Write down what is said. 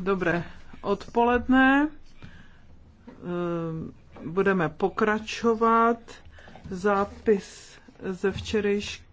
Dobré odpoledne. Ehm, budeme pokračovat. Zápis ze včerejška